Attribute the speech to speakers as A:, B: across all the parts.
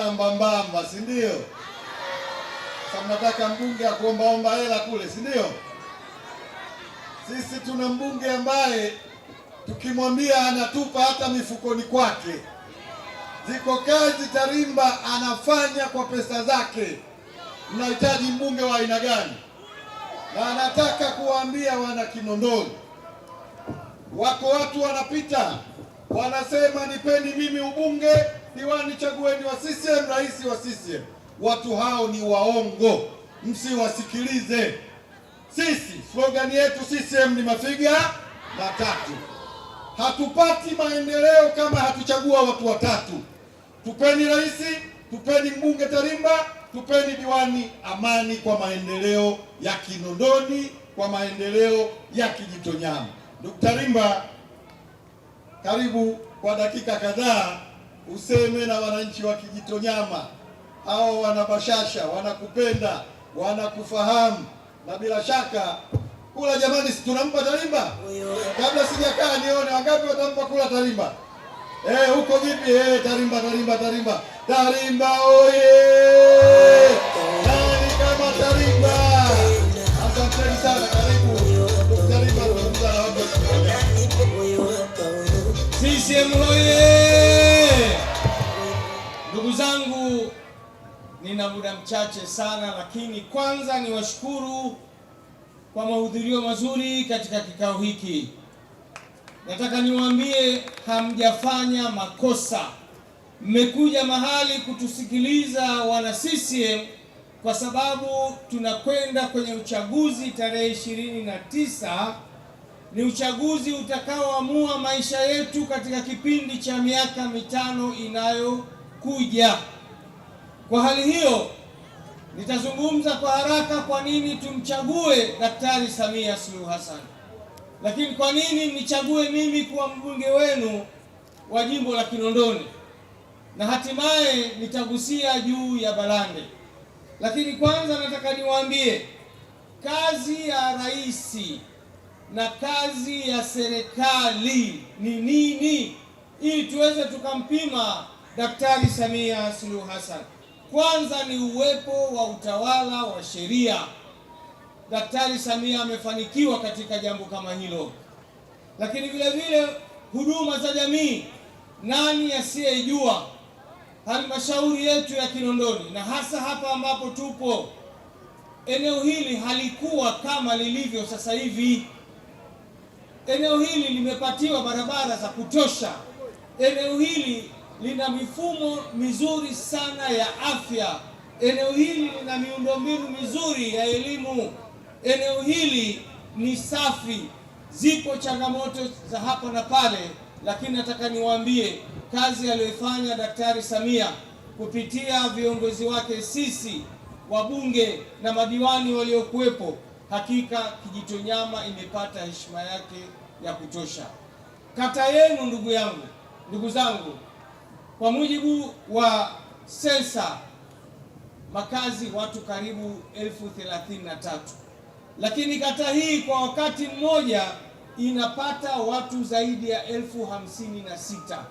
A: sana mbambamba, si ndio? Sasa mnataka mbunge ya kuombaomba hela kule, si ndio? Sisi tuna mbunge ambaye tukimwambia anatupa hata mifukoni kwake. Ziko kazi Tarimba anafanya kwa pesa zake. Mnahitaji mbunge wa aina gani? Na anataka kuwaambia wana Kinondoni, wako watu wanapita wanasema, nipeni mimi ubunge diwani chagueni wa CCM, rais wa CCM. Watu hao ni waongo, msiwasikilize. Sisi slogani yetu CCM ni mafiga matatu. Hatupati maendeleo kama hatuchagua watu watatu. Tupeni rais, tupeni mbunge Tarimba, tupeni diwani. Amani kwa maendeleo ya Kinondoni, kwa maendeleo ya Kijitonyama. Ndugu Tarimba, karibu kwa dakika kadhaa useme na wananchi wa Kijitonyama, hao bashasha, wanakupenda, wanakufahamu na bila shaka kula. Jamani, si tunampa tarimba? Kabla sijakaa nione wangapi watampa kula tarimba. Eh, huko vipi? Eh, tarimba, tarimba, tarimba, tarimba, oye! Nani kama tarimba? Asanteni sana, karibu tarimba. Sisi nina muda mchache sana, lakini kwanza niwashukuru kwa mahudhurio mazuri katika kikao hiki. Nataka niwaambie hamjafanya makosa, mmekuja mahali kutusikiliza wana CCM, kwa sababu tunakwenda kwenye uchaguzi tarehe ishirini na tisa. Ni uchaguzi utakaoamua maisha yetu katika kipindi cha miaka mitano inayokuja. Kwa hali hiyo, nitazungumza kwa haraka kwa nini tumchague Daktari Samia Suluhu Hassan, lakini kwa nini mnichague mimi kuwa mbunge wenu wa jimbo la Kinondoni, na hatimaye nitagusia juu ya Balande. Lakini kwanza nataka niwaambie kazi ya rais na kazi ya serikali ni nini, ili tuweze tukampima Daktari Samia Suluhu Hassan. Kwanza ni uwepo wa utawala wa sheria. Daktari Samia amefanikiwa katika jambo kama hilo, lakini vile vile huduma za jamii. Nani asiyejua halmashauri yetu ya Kinondoni na hasa hapa ambapo tupo, eneo hili halikuwa kama lilivyo sasa hivi. Eneo hili limepatiwa barabara za kutosha. Eneo hili lina mifumo mizuri sana ya afya. Eneo hili lina miundombinu mizuri ya elimu. Eneo hili ni safi. Zipo changamoto za hapa na pale, lakini nataka niwaambie kazi aliyoifanya Daktari Samia kupitia viongozi wake, sisi wabunge na madiwani waliokuwepo, hakika Kijitonyama imepata heshima yake ya kutosha. Kata yenu, ndugu yangu, ndugu zangu kwa mujibu wa sensa makazi watu karibu elfu thelathini na tatu, lakini kata hii kwa wakati mmoja inapata watu zaidi ya elfu hamsini na sita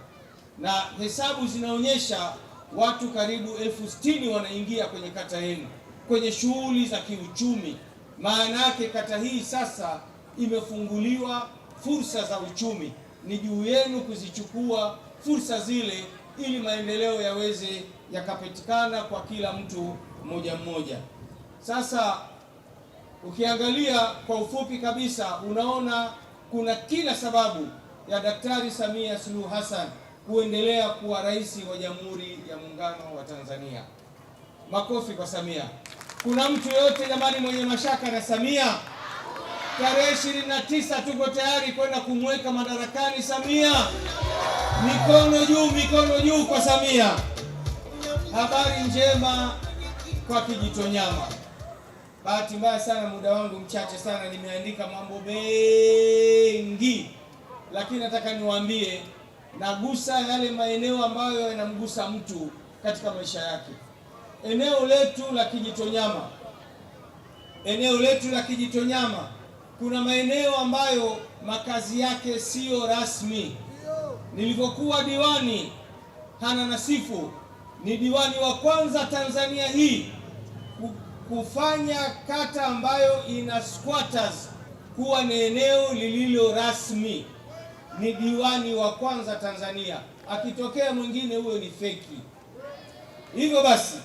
A: na hesabu zinaonyesha watu karibu elfu sitini wanaingia kwenye kata yenu kwenye shughuli za kiuchumi. Maana yake kata hii sasa imefunguliwa fursa za uchumi, ni juu yenu kuzichukua fursa zile ili maendeleo yaweze yakapatikana kwa kila mtu mmoja mmoja. Sasa ukiangalia kwa ufupi kabisa, unaona kuna kila sababu ya Daktari Samia Suluhu Hassan kuendelea kuwa rais wa Jamhuri ya Muungano wa Tanzania. Makofi kwa Samia. Kuna mtu yoyote jamani mwenye mashaka na Samia? Tarehe 29 tuko tayari kwenda kumweka madarakani Samia. Mikono juu, mikono juu kwa Samia. Habari njema kwa Kijitonyama. Bahati mbaya sana, muda wangu mchache sana, nimeandika mambo mengi, lakini nataka niwaambie, nagusa yale maeneo ambayo yanamgusa mtu katika maisha yake. Eneo letu la Kijitonyama, eneo letu la Kijitonyama kuna maeneo ambayo makazi yake siyo rasmi nilivyokuwa diwani Hana Nasifu ni diwani wa kwanza Tanzania hii kufanya kata ambayo ina squatters kuwa ni eneo lililo rasmi. Ni diwani wa kwanza Tanzania, akitokea mwingine huyo ni feki. Hivyo basi,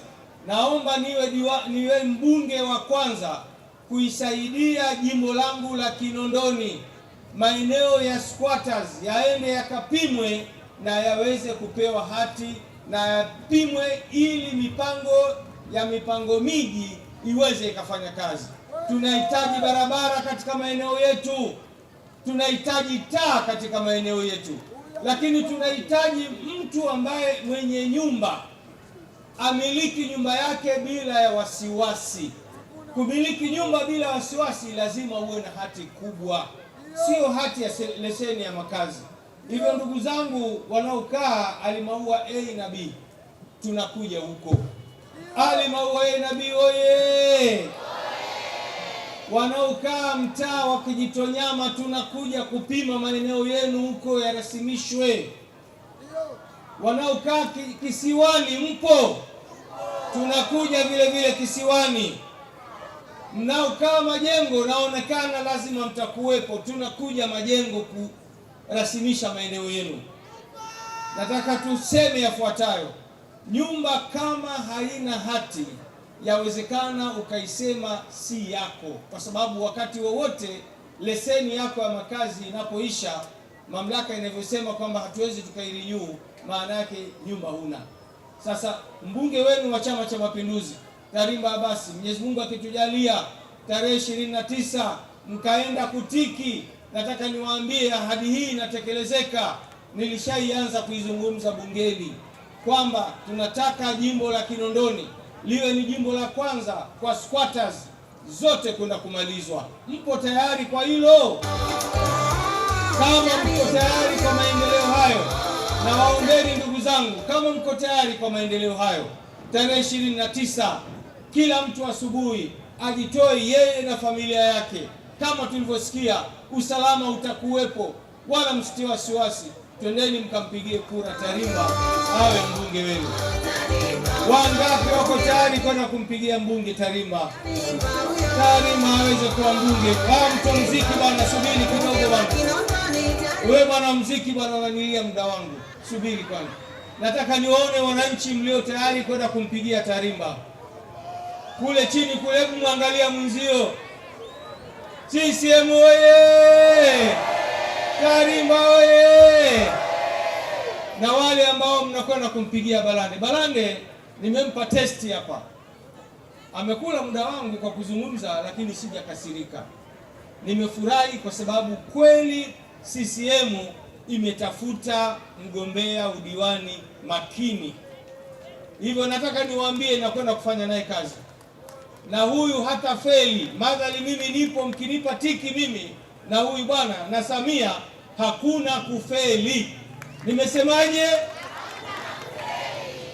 A: naomba niwe diwa, niwe mbunge wa kwanza kuisaidia jimbo langu la Kinondoni maeneo ya squatters yaende yakapimwe na yaweze kupewa hati na yapimwe, ili mipango ya mipango miji iweze ikafanya kazi. Tunahitaji barabara katika maeneo yetu, tunahitaji taa katika maeneo yetu, lakini tunahitaji mtu ambaye mwenye nyumba amiliki nyumba yake bila ya wasiwasi. Kumiliki nyumba bila wasiwasi, lazima uwe na hati kubwa sio hati ya leseni ya makazi. Hivyo ndugu zangu wanaokaa Alimaua A na B, tunakuja huko Alimaua A na B oye! Wanaokaa mtaa wa Kijitonyama, tunakuja kupima maeneo yenu huko yarasimishwe. Wanaokaa kisiwani, mpo? Tunakuja vile vile kisiwani mnaokaa majengo naonekana lazima mtakuwepo, tunakuja majengo kurasimisha maeneo yenu. Nataka tuseme yafuatayo: nyumba kama haina hati, yawezekana ukaisema si yako, kwa sababu wakati wowote leseni yako ya makazi inapoisha, mamlaka inavyosema kwamba hatuwezi tukairinyu, maana yake nyumba huna. Sasa mbunge wenu wa Chama cha Mapinduzi Karimba Abasi. Mwenyezi Mungu akitujalia tarehe ishirini na tisa mkaenda Kutiki, nataka niwaambie ahadi hii inatekelezeka. Nilishaianza kuizungumza bungeni kwamba tunataka jimbo la Kinondoni liwe ni jimbo la kwanza kwa squatters zote kwenda kumalizwa. Mpo tayari kwa hilo? Kama mko tayari kwa maendeleo hayo, na waombeni ndugu zangu, kama mko tayari kwa maendeleo hayo, tarehe 29 kila mtu asubuhi ajitoe yeye na familia yake. Kama tulivyosikia, usalama utakuwepo, wala msitie wasiwasi. Twendeni mkampigie kura Tarimba awe mbunge wenu. Wangapi wako tayari kwenda kumpigia mbunge Tarimba? Tarimba aweze kuwa mbunge. Aa, mziki bwana, subiri kidogo bana we bwana mziki bwana, unanilia muda wangu, subiri kwana Nataka niwaone wananchi mlio tayari kwenda kumpigia Tarimba kule chini kule, hebu mwangalia mwenzio. CCM oye! Karimba oye! Na wale ambao mnakwenda kumpigia Balande. Balande nimempa testi hapa, amekula muda wangu kwa kuzungumza, lakini sijakasirika. Nimefurahi kwa sababu kweli CCM imetafuta mgombea udiwani makini. Hivyo nataka niwaambie, nakwenda kufanya naye kazi na huyu hata feli, madhali mimi nipo, mkinipa tiki mimi na huyu bwana na Samia hakuna kufeli. Nimesemaje?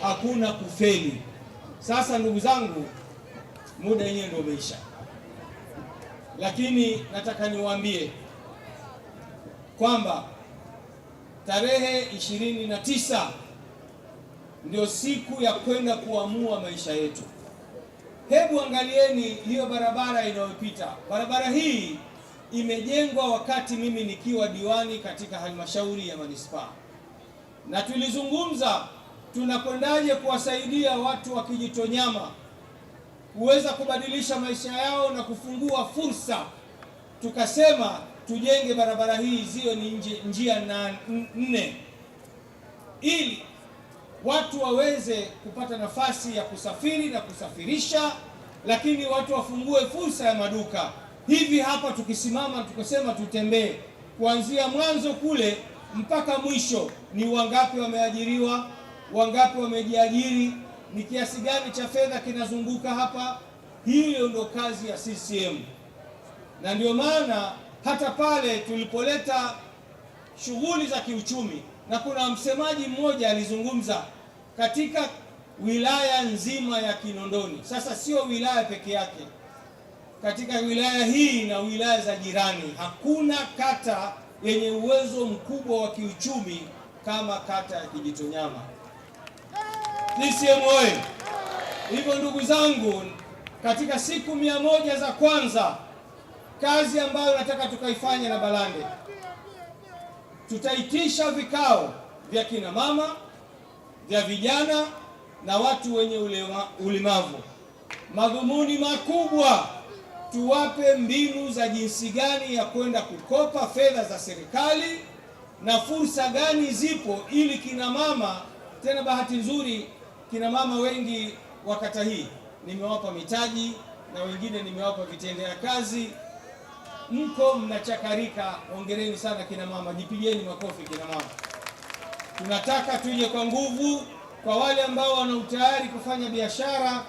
A: Hakuna kufeli. Sasa ndugu zangu, muda yenyewe ndio umeisha, lakini nataka niwaambie kwamba tarehe 29 ndio siku ya kwenda kuamua maisha yetu. Hebu angalieni hiyo barabara inayopita. Barabara hii imejengwa wakati mimi nikiwa diwani katika halmashauri ya manispaa, na tulizungumza tunakwendaje kuwasaidia watu wa Kijitonyama kuweza kubadilisha maisha yao na kufungua fursa. Tukasema tujenge barabara hii ziwe ni njia nne ili watu waweze kupata nafasi ya kusafiri na kusafirisha, lakini watu wafungue fursa ya maduka. Hivi hapa tukisimama tukasema tutembee kuanzia mwanzo kule mpaka mwisho, ni wangapi wameajiriwa, wangapi wamejiajiri, ni kiasi gani cha fedha kinazunguka hapa? Hiyo ndio kazi ya CCM, na ndio maana hata pale tulipoleta shughuli za kiuchumi na kuna msemaji mmoja alizungumza katika wilaya nzima ya Kinondoni. Sasa sio wilaya peke yake, katika wilaya hii na wilaya za jirani hakuna kata yenye uwezo mkubwa wa kiuchumi kama kata ya Kijitonyama. Oye! Hivyo ndugu zangu, katika siku mia moja za kwanza, kazi ambayo nataka tukaifanya na Balande tutaitisha vikao vya kina mama, vya vijana na watu wenye ulema, ulemavu. Madhumuni makubwa tuwape mbinu za jinsi gani ya kwenda kukopa fedha za serikali na fursa gani zipo, ili kina mama tena. Bahati nzuri kina mama wengi wa kata hii nimewapa mitaji na wengine nimewapa vitendea kazi mko mnachakarika. ongereni sana kina mama, jipigeni makofi kina mama. Tunataka tuje kwa nguvu, kwa wale ambao wana utayari kufanya biashara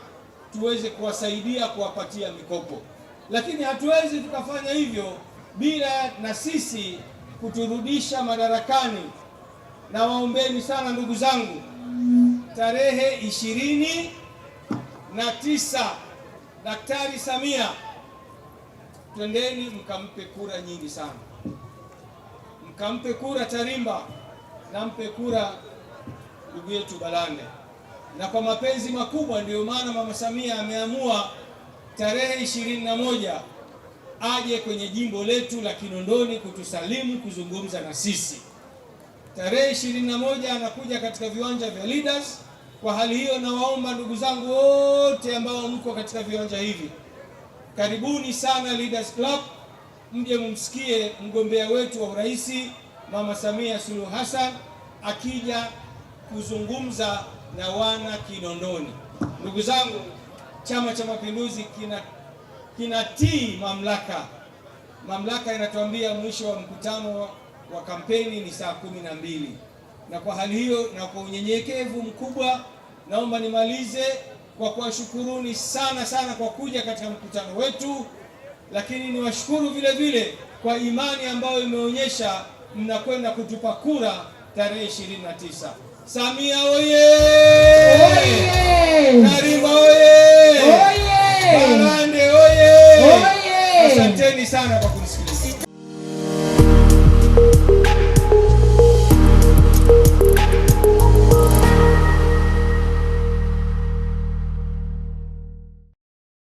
A: tuweze kuwasaidia kuwapatia mikopo, lakini hatuwezi tukafanya hivyo bila na sisi kuturudisha madarakani. Na waombeni sana ndugu zangu, tarehe ishirini na tisa Daktari Samia twendeni mkampe kura nyingi sana, mkampe kura Tarimba na mpe kura ndugu yetu Balande, na kwa mapenzi makubwa. Ndiyo maana Mama Samia ameamua tarehe ishirini na moja aje kwenye jimbo letu la Kinondoni kutusalimu, kuzungumza na sisi. Tarehe ishirini na moja anakuja katika viwanja vya Leaders. Kwa hali hiyo, nawaomba ndugu zangu wote ambao mko katika viwanja hivi Karibuni sana Leaders Club, mje mumsikie mgombea wetu wa urais Mama Samia Suluhu Hassan akija kuzungumza na wana Kinondoni. Ndugu zangu, Chama cha Mapinduzi kina kinatii mamlaka. Mamlaka inatuambia mwisho wa mkutano wa kampeni ni saa kumi na mbili, na kwa hali hiyo na kwa unyenyekevu mkubwa naomba nimalize kwa kuwashukuruni sana sana kwa kuja katika mkutano wetu, lakini niwashukuru vile vile kwa imani ambayo imeonyesha mnakwenda kutupa kura tarehe 29. Samia oye! Karima oye! Barande oye! Asanteni sana kwa